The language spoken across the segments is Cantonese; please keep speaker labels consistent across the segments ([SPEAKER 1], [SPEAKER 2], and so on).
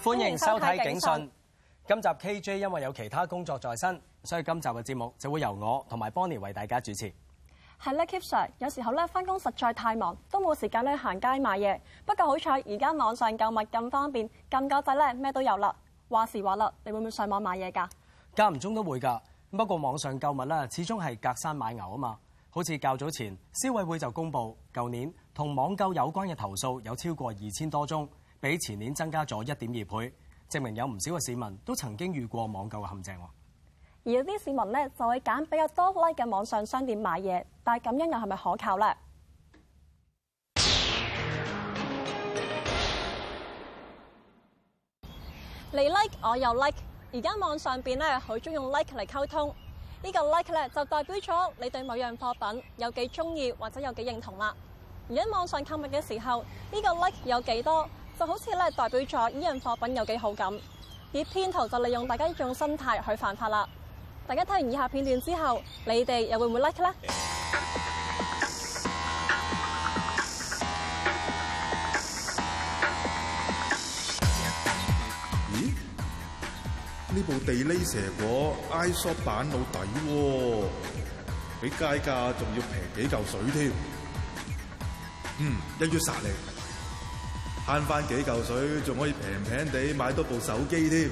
[SPEAKER 1] 歡迎收睇《警訊》。
[SPEAKER 2] 今集 KJ 因為有其他工作在身，所以今集嘅節目就會由我同埋 Bonnie 為大家主持。
[SPEAKER 3] 係咧，Kiss Sir，有時候咧，返工實在太忙，都冇時間咧行街買嘢。不過好彩，而家網上購物咁方便，咁夠仔咧咩都有啦。話時話啦，你會唔會上網買嘢㗎？間
[SPEAKER 2] 唔中都會㗎。不過網上購物咧，始終係隔山買牛啊嘛。好似較早前，消委會就公佈，舊年同網購有關嘅投訴有超過二千多宗，比前年增加咗一點二倍，證明有唔少嘅市民都曾經遇過網購嘅陷阱喎。
[SPEAKER 3] 而有啲市民咧就會揀比較多 like 嘅網上商店買嘢，但係咁樣又係咪可靠咧？你 like 我又 like，而家網上面咧好鍾意用 like 嚟溝通。呢個 like 咧就代表咗你對某樣貨品有幾鍾意或者有幾認同啦。而喺網上購物嘅時候，呢個 like 有幾多就好似咧代表咗呢樣貨品有幾好感。而騙徒就利用大家呢種心態去犯法啦。大家睇完以下片段之後，你哋又會唔會 like 咧？
[SPEAKER 4] 咦？呢部地喱蛇果 iShop 版好抵喎，比街價仲要平幾嚿水添。嗯，一於殺嚟，慳翻幾嚿水，仲可以平平地買多部手機添。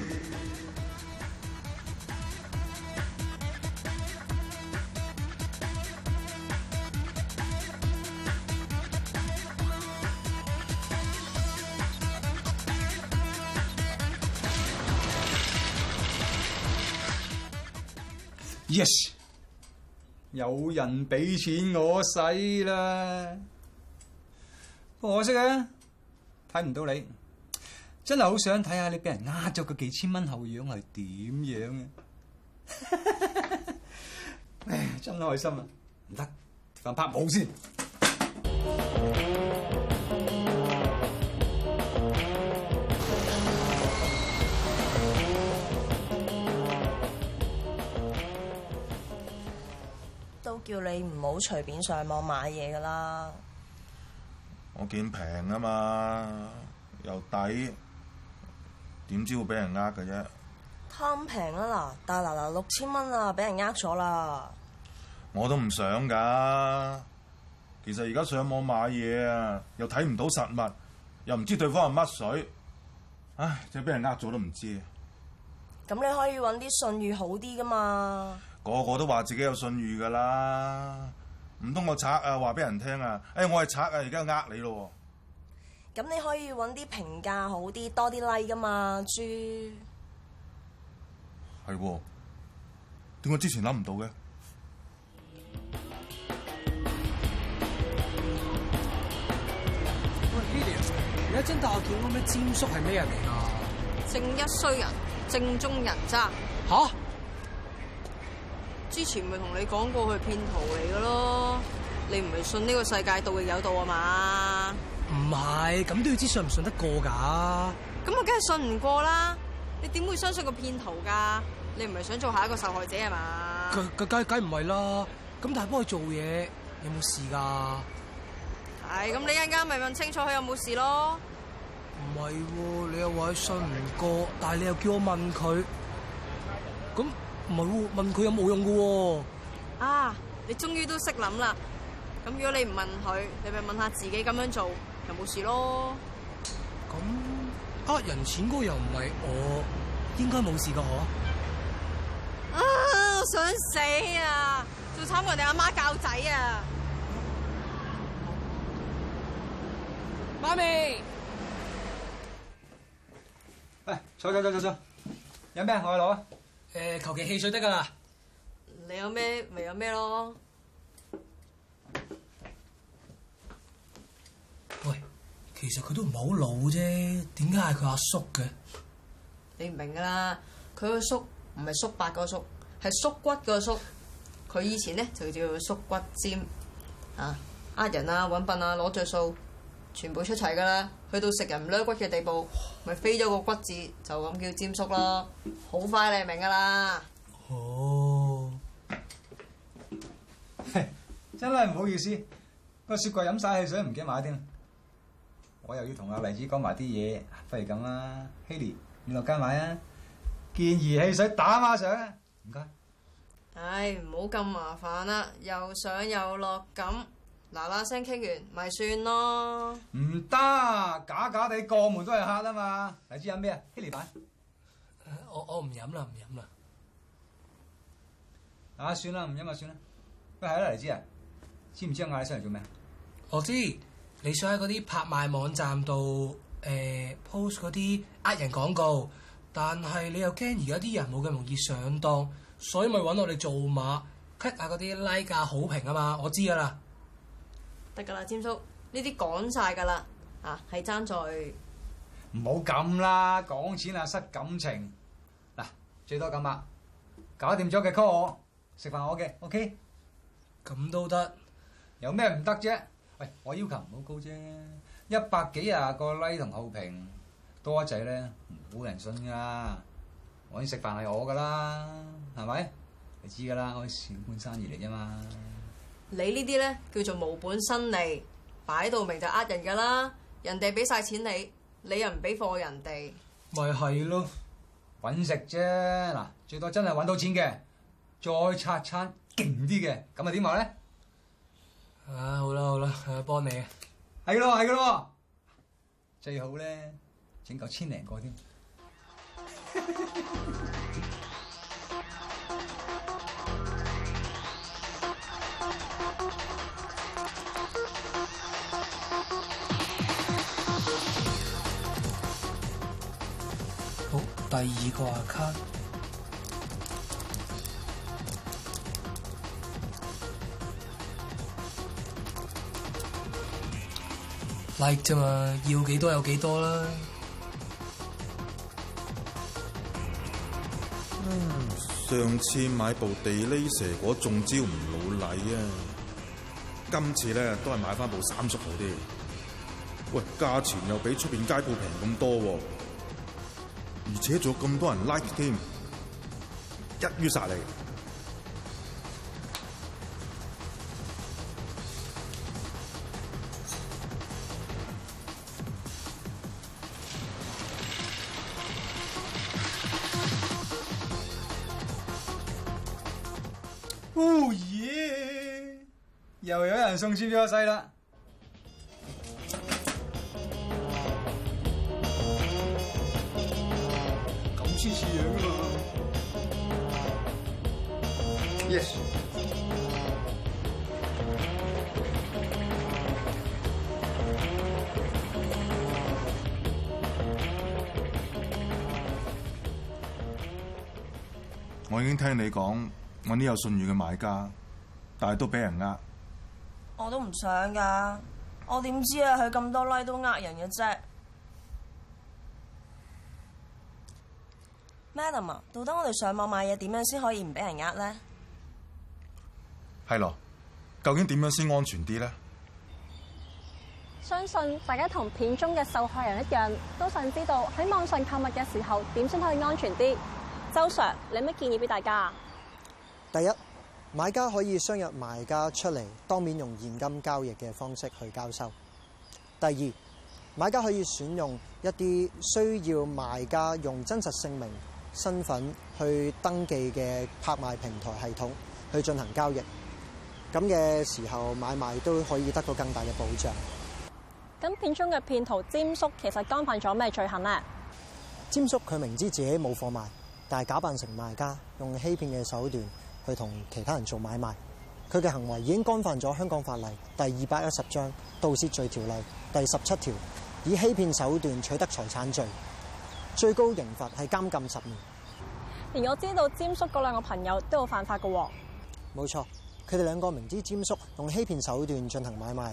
[SPEAKER 5] Yes，有人俾錢我使啦，不過可惜啊，睇唔到你，真係好想睇下你俾人呃咗個幾千蚊後嘅樣係點樣。 唉，真開心啊，唔得，先拍武先。
[SPEAKER 3] 叫你唔好隨便上網買嘢噶啦，
[SPEAKER 4] 我見平啊嘛，又抵，點知會俾人呃嘅啫。
[SPEAKER 3] 貪平啊嗱，大嗱嗱六千蚊啊，俾人呃咗啦！
[SPEAKER 4] 我都唔想噶，其實而家上網買嘢啊，又睇唔到實物，又唔知對方係乜水，唉，即係俾人呃咗都唔知。
[SPEAKER 6] 咁你可以揾啲信譽好啲噶嘛。
[SPEAKER 4] 個個都話自己有信譽噶啦，唔通我賊啊話俾人聽啊？哎，我係賊啊，而家呃你咯？
[SPEAKER 3] 咁你可以揾啲評價好啲，多啲 like 噶嘛，豬。
[SPEAKER 4] 係，點解之前諗唔到嘅？
[SPEAKER 1] 喂 h e l i 你一張大橋咁嘅占索係咩人嚟噶？
[SPEAKER 6] 正一衰人，正宗人渣。吓、啊？之前咪同你講過佢係騙徒嚟嘅咯，你唔係信呢個世界盜亦有道啊嘛？
[SPEAKER 1] 唔係，咁都要知信唔信得過噶？
[SPEAKER 6] 咁我梗係信唔過啦，你點會相信個騙徒噶？你唔係想做下一個受害者係嘛？
[SPEAKER 1] 佢佢梗係梗唔係啦，咁但係幫佢做嘢有冇事噶？
[SPEAKER 6] 係，咁你一陣間咪問清楚佢有冇事咯。
[SPEAKER 1] 唔係，你又話佢信唔過，但係你又叫我問佢，咁。唔係，問佢有冇用嘅喎、
[SPEAKER 6] 啊？啊，你終於都識諗啦！咁如果你唔問佢，你咪問下自己，咁樣做又冇事咯。
[SPEAKER 1] 咁呃，人錢哥又唔係我，應該冇事噶嗬。
[SPEAKER 6] 啊，我想死啊！做慘過你阿媽教仔啊！
[SPEAKER 1] 媽咪，哎，
[SPEAKER 5] 坐坐坐坐坐，有咩我去攞。啊？誒、呃，求其汽水得㗎啦！你有咩，咪有咩咯？
[SPEAKER 1] 喂，其實佢都唔係好老啫，點解係佢阿叔嘅？
[SPEAKER 6] 你唔明㗎啦，佢個叔唔係叔伯個叔，係縮骨個叔。佢以前咧就叫做縮骨尖，啊，呃人啊，揾笨啊，攞着數。全部出齊噶啦，去到食人唔甩骨嘅地步，咪飛咗個骨子，就咁叫粘縮咯，好快你明噶啦。哦、
[SPEAKER 5] oh. hey,，真係唔好意思，個雪櫃飲晒汽水，唔記得買添。我又要同阿麗子講埋啲嘢，不如咁啦，希烈，你落街買啊，健怡汽水打馬上啊。唔該。
[SPEAKER 6] 唉，唔好咁麻煩啦，哎，又上又落咁。嗱嗱聲傾完
[SPEAKER 5] 咪算咯，唔得，假假地過門都係客啊嘛。黎子飲咩啊？喜力啤，我我唔飲啦，唔飲啦啊！算啦，唔飲就算啦。喂，係啊，黎子啊，知唔知我嗌你上嚟做咩啊？
[SPEAKER 1] 我知你想喺嗰啲拍賣網站度誒、呃、post 嗰啲呃人廣告，但係你又驚而家啲人冇咁容易上當，所以咪搵我哋做馬 cut 下嗰啲拉價好評啊嘛。我知噶啦。得噶啦，
[SPEAKER 6] 詹叔，呢啲講晒噶啦，
[SPEAKER 5] 啊係爭在
[SPEAKER 6] 唔
[SPEAKER 1] 好咁啦，
[SPEAKER 5] 講錢啊失感情。嗱，最多咁啊，搞掂咗嘅 call 我食飯我嘅，ok？咁都得，有咩唔得啫？喂，我要求唔好高啫，一百幾啊個 like 同好評多一劑咧，冇人信噶。我呢食飯係我噶啦，係咪？你知噶啦，我算半生意嚟啫嘛。
[SPEAKER 6] 你呢啲咧叫做無本生利，擺到明就呃人噶啦。人哋俾晒錢你，你又唔俾貨人哋。
[SPEAKER 5] 咪係咯，揾食啫。嗱，最多真係揾到錢嘅，再拆餐勁啲嘅，咁啊點話咧？
[SPEAKER 1] 啊，好啦好啦，
[SPEAKER 5] 幫你，係咯係咯，最好咧整夠千零個添。
[SPEAKER 1] 第二個阿卡 like 啫嘛，要幾多有幾多啦，嗯。
[SPEAKER 4] 上次買部地雷蛇果中招唔老禮啊，今次咧都係買翻部三叔好啲。喂，價錢又比出邊街鋪平咁多喎，啊。而且仲有咁多人 like 添，一於殺你
[SPEAKER 5] ！Oh yeah！又有人送錢俾我細啦～
[SPEAKER 7] 係啊 y e s
[SPEAKER 4] 我已經聽你講。我呢有信譽嘅買家，但係都俾人呃。
[SPEAKER 6] 我都唔想㗎，我點知啊、like？佢咁多拉都呃人嘅啫。
[SPEAKER 3] Madam 啊，到底我哋上網買嘢，點樣先可以唔俾人呃呢？
[SPEAKER 4] 係咯，究竟點樣先安全啲呢？
[SPEAKER 3] 相信大家同片中嘅受害人一樣，都想知道喺網上購物嘅時候點先可以安全啲。周 Sir，你有咩建議俾大家啊？
[SPEAKER 7] 第一，買家可以相約賣家出嚟當面用現金交易嘅方式去交收。第二，買家可以選用一啲需要賣家用真實姓名。身份去登記嘅拍賣平台系統去進行交易，咁嘅時候，買賣都可以得到更大嘅保障。
[SPEAKER 3] 咁片中嘅騙徒詹叔其實干犯咗咩罪行咧？
[SPEAKER 7] 詹叔佢明知自己冇貨賣，但係假扮成賣家，用欺騙嘅手段去同其他人做買賣，佢嘅行為已經干犯咗香港法例第二百一十章盜竊罪條例第十七條以欺騙手段取得財產罪。最高刑罰係監禁十年，
[SPEAKER 3] 連我知道詹叔嗰兩個朋友都有犯法㗎
[SPEAKER 7] 喎。冇錯，佢哋兩個明知詹叔用欺騙手段進行買賣，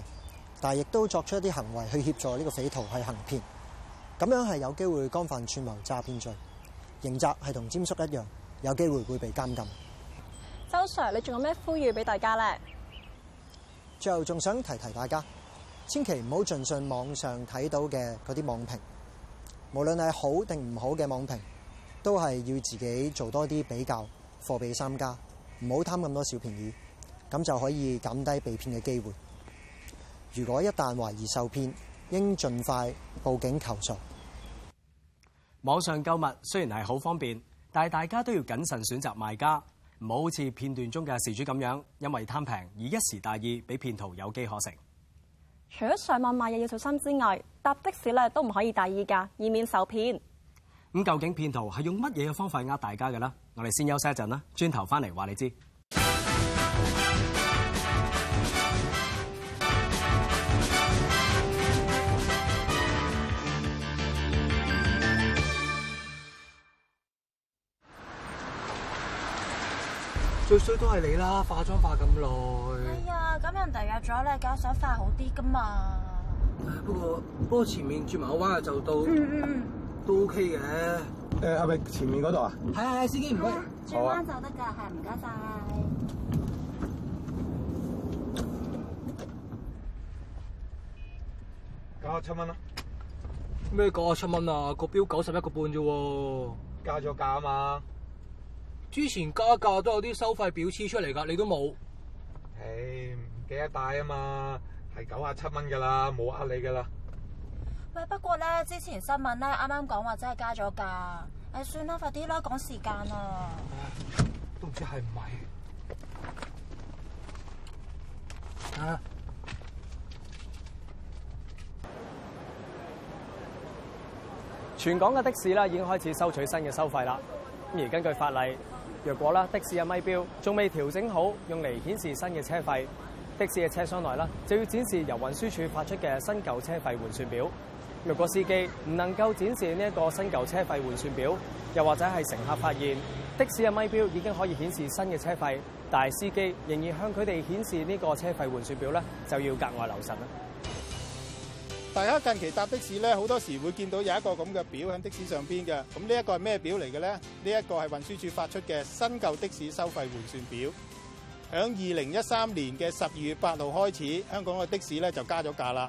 [SPEAKER 7] 但係亦都作出一啲行為去協助呢個匪徒去行騙，咁樣係有機會干犯串謀詐騙罪，刑責係同詹叔一樣，有機會會被監禁。
[SPEAKER 3] 周 Sir，你仲有咩呼籲俾大家咧？
[SPEAKER 7] 最後仲想提提大家，千祈唔好盡信網上睇到嘅嗰啲網評。無論係好定唔好嘅網評，都係要自己做多啲比較，貨比三家，唔好貪咁多小便宜，咁就可以減低被騙嘅機會。如果一旦懷疑受騙，應盡快報警求助。
[SPEAKER 2] 網上購物雖然係好方便，但係大家都要謹慎選擇賣家，唔好好似片段中嘅事主咁樣，因為貪平而一時大意，俾騙徒有機可乘。
[SPEAKER 3] 除咗上網買嘢要小心之外，搭的士咧都唔可以大意噶，以免受騙。咁
[SPEAKER 2] 究竟騙徒係用乜嘢嘅方法呃大家嘅咧？我哋先休息一陣啦，轉頭翻嚟話你知。
[SPEAKER 1] 最衰都係你啦，化妝化咁耐。
[SPEAKER 3] 第日咗咧，加想快好啲噶嘛。
[SPEAKER 1] 不過不過前面轉埋個彎就到，嗯嗯，都 OK 嘅。誒、呃，係咪前面嗰度啊？係係，司機唔該，轉彎就得噶，係唔該晒。九十七蚊啦。咩九十七蚊啊？個標九十一個半啫喎。加咗價啊嘛、啊啊。之前加價都有啲收費表黐出嚟噶，你都冇。唉、hey.。.幾一大啊嘛，係九啊七蚊噶啦，冇呃你噶啦。
[SPEAKER 3] 喂，不過咧，之前新聞咧，啱啱講話真係加咗價。誒，算啦，快啲啦，趕時間啊！
[SPEAKER 1] 都唔知係唔係啊？
[SPEAKER 2] 全港嘅的、的士啦已經開始收取新嘅收費啦。而根據法例，若果啦的士嘅咪錶仲未調整好，用嚟顯示新嘅車費。的士嘅車廂內啦，就要展示由運輸署發出嘅新舊車費換算表。若果司機唔能夠展示呢一個新舊車費換算表，又或者係乘客發現的士嘅咪表已經可以顯示新嘅車費，但係司機仍然向佢哋顯示呢個車費換算表咧，就要格外留神啦。
[SPEAKER 8] 大家近期搭的士咧，好多時會見到有一個咁嘅表喺的士上邊嘅。咁呢一個係咩表嚟嘅咧？呢一個係運輸署發出嘅新舊的士收費換算表。喺二零一三年嘅十二月八號開始，香港嘅的，的士咧就加咗價啦。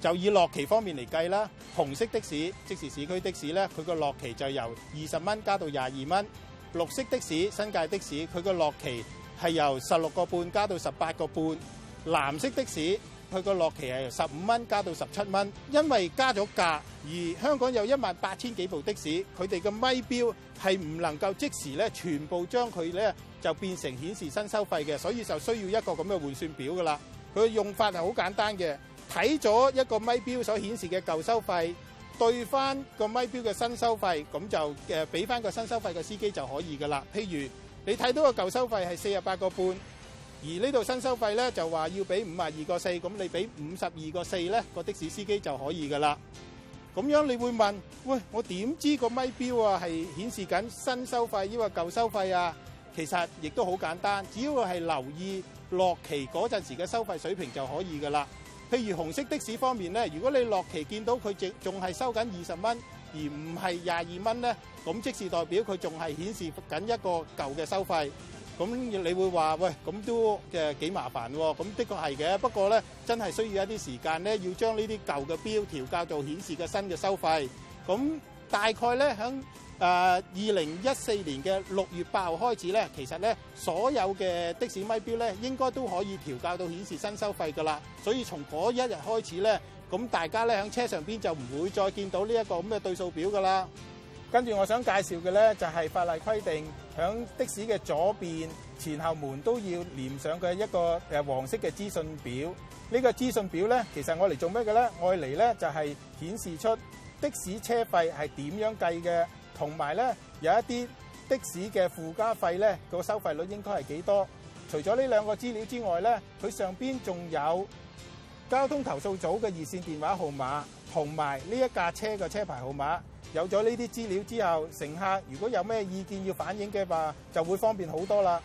[SPEAKER 8] 就以落旗方面嚟計啦，紅色的士，即時市區的士咧，佢個落旗就由二十蚊加到廿二蚊；綠色的士，新界的士，佢個落旗係由十六個半加到十八個半；藍色的士。佢個落旗係十五蚊加到十七蚊，因為加咗價，而香港有一萬八千幾部的士，佢哋嘅咪表係唔能夠即時咧全部將佢咧就變成顯示新收費嘅，所以就需要一個咁嘅換算表噶啦。佢嘅用法係好簡單嘅，睇咗一個咪表所顯示嘅舊收費，對翻個咪表嘅新收費，咁就誒俾翻個新收費嘅司機就可以噶啦。譬如你睇到個舊收費係四十八個半。而呢度新收費呢，就話要俾五啊二個四，咁你俾五十二個四呢，個的士司機就可以㗎喇。咁樣你會問：喂，我點知個咪表啊係顯示緊新收費，抑或舊收費啊？其實亦都好簡單，只要係留意落旗嗰陣時嘅收費水平就可以㗎喇。譬如紅色的士方面呢，如果你落旗見到佢仲仲係收緊二十蚊，而唔係廿二蚊呢，咁即是代表佢仲係顯示緊一個舊嘅收費。咁你會話喂，咁都嘅幾麻煩喎？咁的確係嘅，不過咧真係需要一啲時間咧，要將呢啲舊嘅標調校到顯示嘅新嘅收費。咁大概咧響誒二零一四年嘅六月八號開始咧，其實咧所有嘅的士咪錶咧應該都可以調校到顯示新收費㗎啦。所以從嗰一日開始咧，咁大家咧喺車上邊就唔會再見到呢一個咁嘅對數表㗎啦。跟住我想介紹嘅呢，就係法例規定響的士嘅左邊前後門都要連上嘅一個誒黃色嘅資訊表。呢個資訊表呢，其實我嚟做咩嘅呢？我嚟呢，就係顯示出的士車費係點樣計嘅，同埋呢，有一啲的士嘅附加費呢，個收費率應該係幾多。除咗呢兩個資料之外呢，佢上邊仲有。交通投訴組嘅熱線電話號碼同埋呢一架車嘅車牌號碼，有咗呢啲資料之後，乘客如果有咩意見要反映嘅話，就會方便好多啦。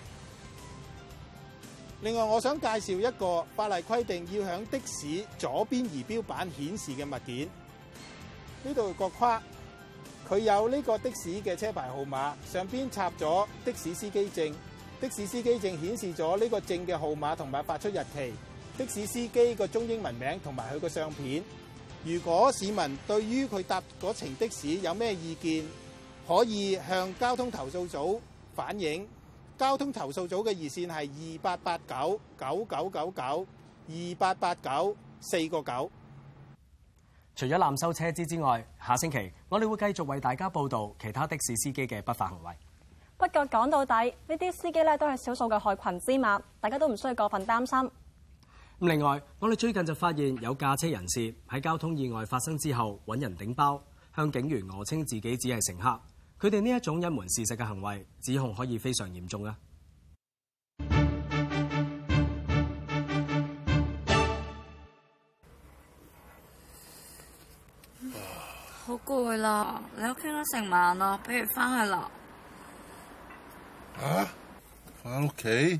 [SPEAKER 8] 另外，我想介紹一個法例規定，要響的士左邊儀表板顯示嘅物件。呢度個框，佢有呢個的士嘅車牌號碼，上邊插咗的士司機證，的士司機證顯示咗呢個證嘅號碼同埋發出日期。的士司機個中英文名同埋佢個相片。如果市民對於佢搭嗰程的士有咩意見，可以向交通投訴組反映。交通投訴組嘅熱線係二八八九九九九九二八八九四個九。
[SPEAKER 2] 除咗濫收車資之外，下星期我哋會繼續為大家報道其他的士司機嘅不法行為。
[SPEAKER 3] 不過講到底，呢啲司機咧都係少數嘅害群之馬，大家都唔需要過分擔心。
[SPEAKER 2] 另外，我哋最近就發現有駕車人士喺交通意外發生之後揾人頂包，向警員訛稱自己只係乘客。佢哋呢一種隱瞞事實嘅行為，指控可以非常嚴重啊！
[SPEAKER 3] 好攰啦，你屋傾咗
[SPEAKER 6] 成晚啦，不如翻去啦。
[SPEAKER 8] 啊？翻屋企？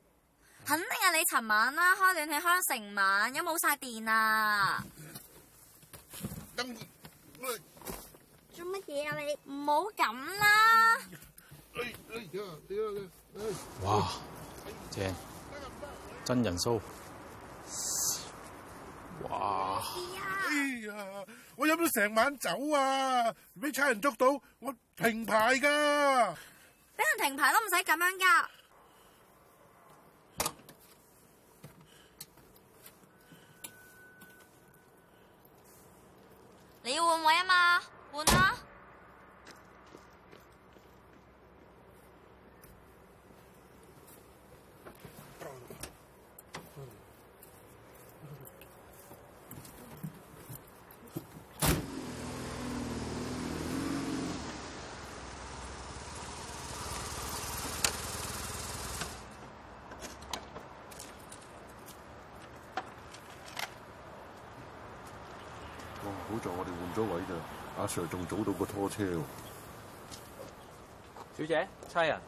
[SPEAKER 6] 肯定係你尋晚啦，開暖氣開咗成晚，有冇晒電啊？咁做乜嘢啊你？唔好咁啦！
[SPEAKER 9] 哇，
[SPEAKER 8] 正，真人 show！哇，哎呀，我飲咗成晚酒啊，俾差人捉到，我停牌噶，
[SPEAKER 6] 俾人停牌都唔使咁樣噶。你要換位啊嘛，換啊
[SPEAKER 7] 就我哋換咗位咋，阿 Sir 仲早到個拖車。
[SPEAKER 2] 小姐，差人，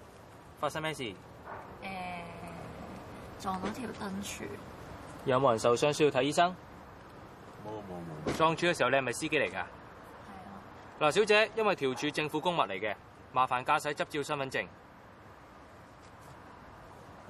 [SPEAKER 2] 發生咩事？
[SPEAKER 6] 誒、欸，撞到條燈柱。
[SPEAKER 2] 有冇人受傷需要睇醫生？冇冇冇。撞柱嘅時候，你係咪司機嚟㗎？係啊。嗱，小姐，因為條柱政府公物嚟嘅，麻煩駕駛執照、身份證。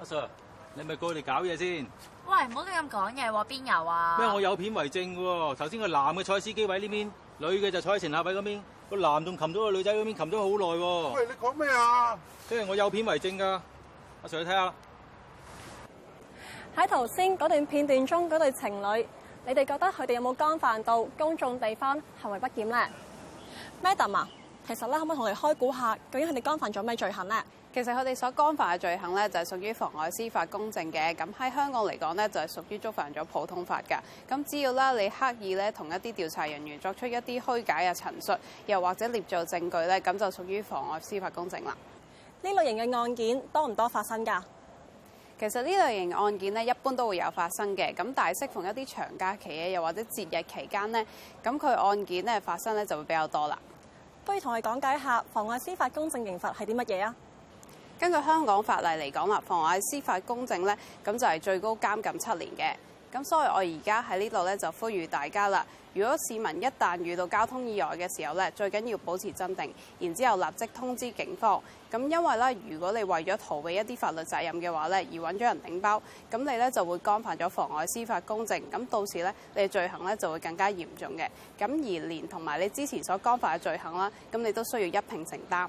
[SPEAKER 8] 阿 Sir。你咪過嚟搞嘢先！
[SPEAKER 3] 喂，
[SPEAKER 6] 唔好聽咁講嘢喎，邊有啊！咩
[SPEAKER 8] 我有片為證喎，頭先個男嘅坐喺司機位呢邊，女嘅就坐喺乘客位嗰邊，個男仲擒咗個女仔嗰邊擒咗好耐喎。喂，
[SPEAKER 3] 你講咩啊？
[SPEAKER 8] 即係我有片為證噶，阿 Sir 你睇下。
[SPEAKER 3] 喺頭先嗰段片段中，嗰對情侶，你哋覺得佢哋有冇干犯到公眾地方行為不
[SPEAKER 9] 檢咧？Madam 啊，其實咧可唔可以同你哋開估下，究竟佢哋干犯咗咩罪行咧？其實佢哋所干犯嘅罪行咧，就係屬於妨礙司法公正嘅。咁喺香港嚟講咧，就係屬於觸犯咗普通法㗎。咁只要咧你刻意咧同一啲調查人員作出一啲虛假嘅陳述，又或者捏造證據咧，咁就屬於妨礙司法公正啦。呢類型嘅案件多唔多發生㗎？其實呢類型案件咧，一般都會有發生嘅。咁但係，適逢一啲長假期啊，又或者節日期間呢，咁佢案件咧發生咧就會比較多啦。
[SPEAKER 3] 不如同我講解一下妨礙司法公正刑罰係啲乜嘢啊？
[SPEAKER 9] 根據香港法例嚟講啦，妨礙司法公正咧，咁就係最高監禁七年嘅。咁所以我而家喺呢度咧就呼籲大家啦，如果市民一旦遇到交通意外嘅時候咧，最緊要保持鎮定，然之後立即通知警方。咁因為咧，如果你為咗逃避一啲法律責任嘅話咧，而揾咗人頂包，咁你咧就會干犯咗妨礙司法公正，咁到時咧你嘅罪行咧就會更加嚴重嘅。咁而連同埋你之前所干犯嘅罪行啦，咁你都需要一併承擔。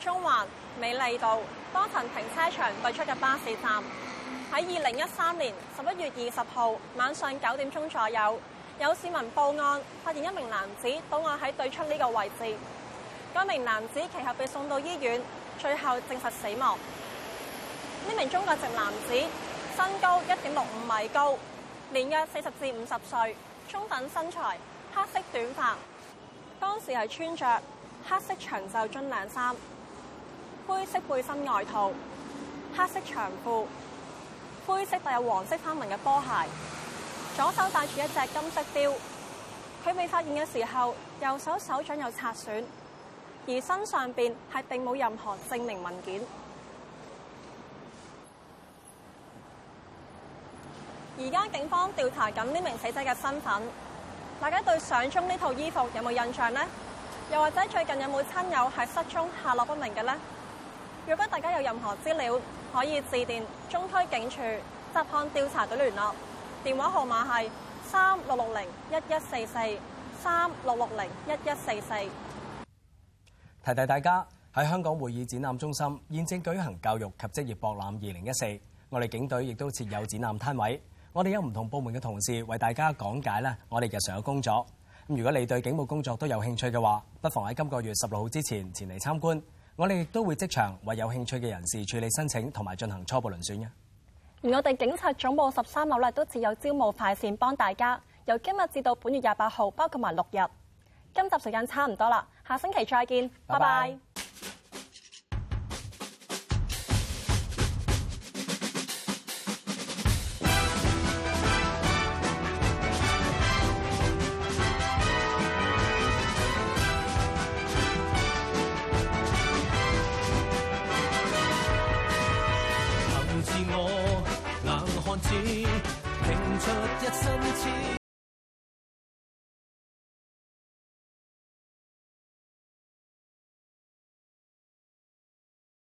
[SPEAKER 3] 中環美利道多層停車場對出嘅巴士站，喺二零一三年十一月二十號晚上九點鐘左右，有市民報案，發現一名男子倒卧喺對出呢個位置。嗰名男子其後被送到醫院，最後證實死亡。呢名中國籍男子身高一點六五米高，年約四十至五十歲，中等身材，黑色短髮，當時係穿着黑色長袖樽領衫，灰色背心外套，黑色長褲，灰色帶有黃色花紋嘅波鞋，左手戴住一隻金色錶。佢未發現嘅時候，右手手掌有擦損，而身上邊係並冇任何證明文件。而家警方調查緊呢名死者嘅身份。大家對相中呢套衣服有冇印象呢？又或者最近有冇親友係失蹤、下落不明嘅呢？如果大家有任何資料，可以致電中區警署雜項調查隊聯絡電話號碼係三六六零一一四四三六六零一一
[SPEAKER 2] 四四。提提大家喺香港會議展覽中心現正舉行教育及職業博覽二零一四，我哋警隊亦都設有展覽攤位，我哋有唔同部門嘅同事為大家講解呢我哋日常嘅工作。咁如果你對警務工作都有興趣嘅話，不妨喺今個月十六號之前前嚟參觀。我哋亦都會即場為有興趣嘅人士處理申請同埋進行初步遴選嘅。
[SPEAKER 3] 而我哋警察總部十三樓咧都設有招募快線，幫大家由今日至到本月廿八號，包括埋六日。今集時間差唔多啦，下星期再見，拜拜。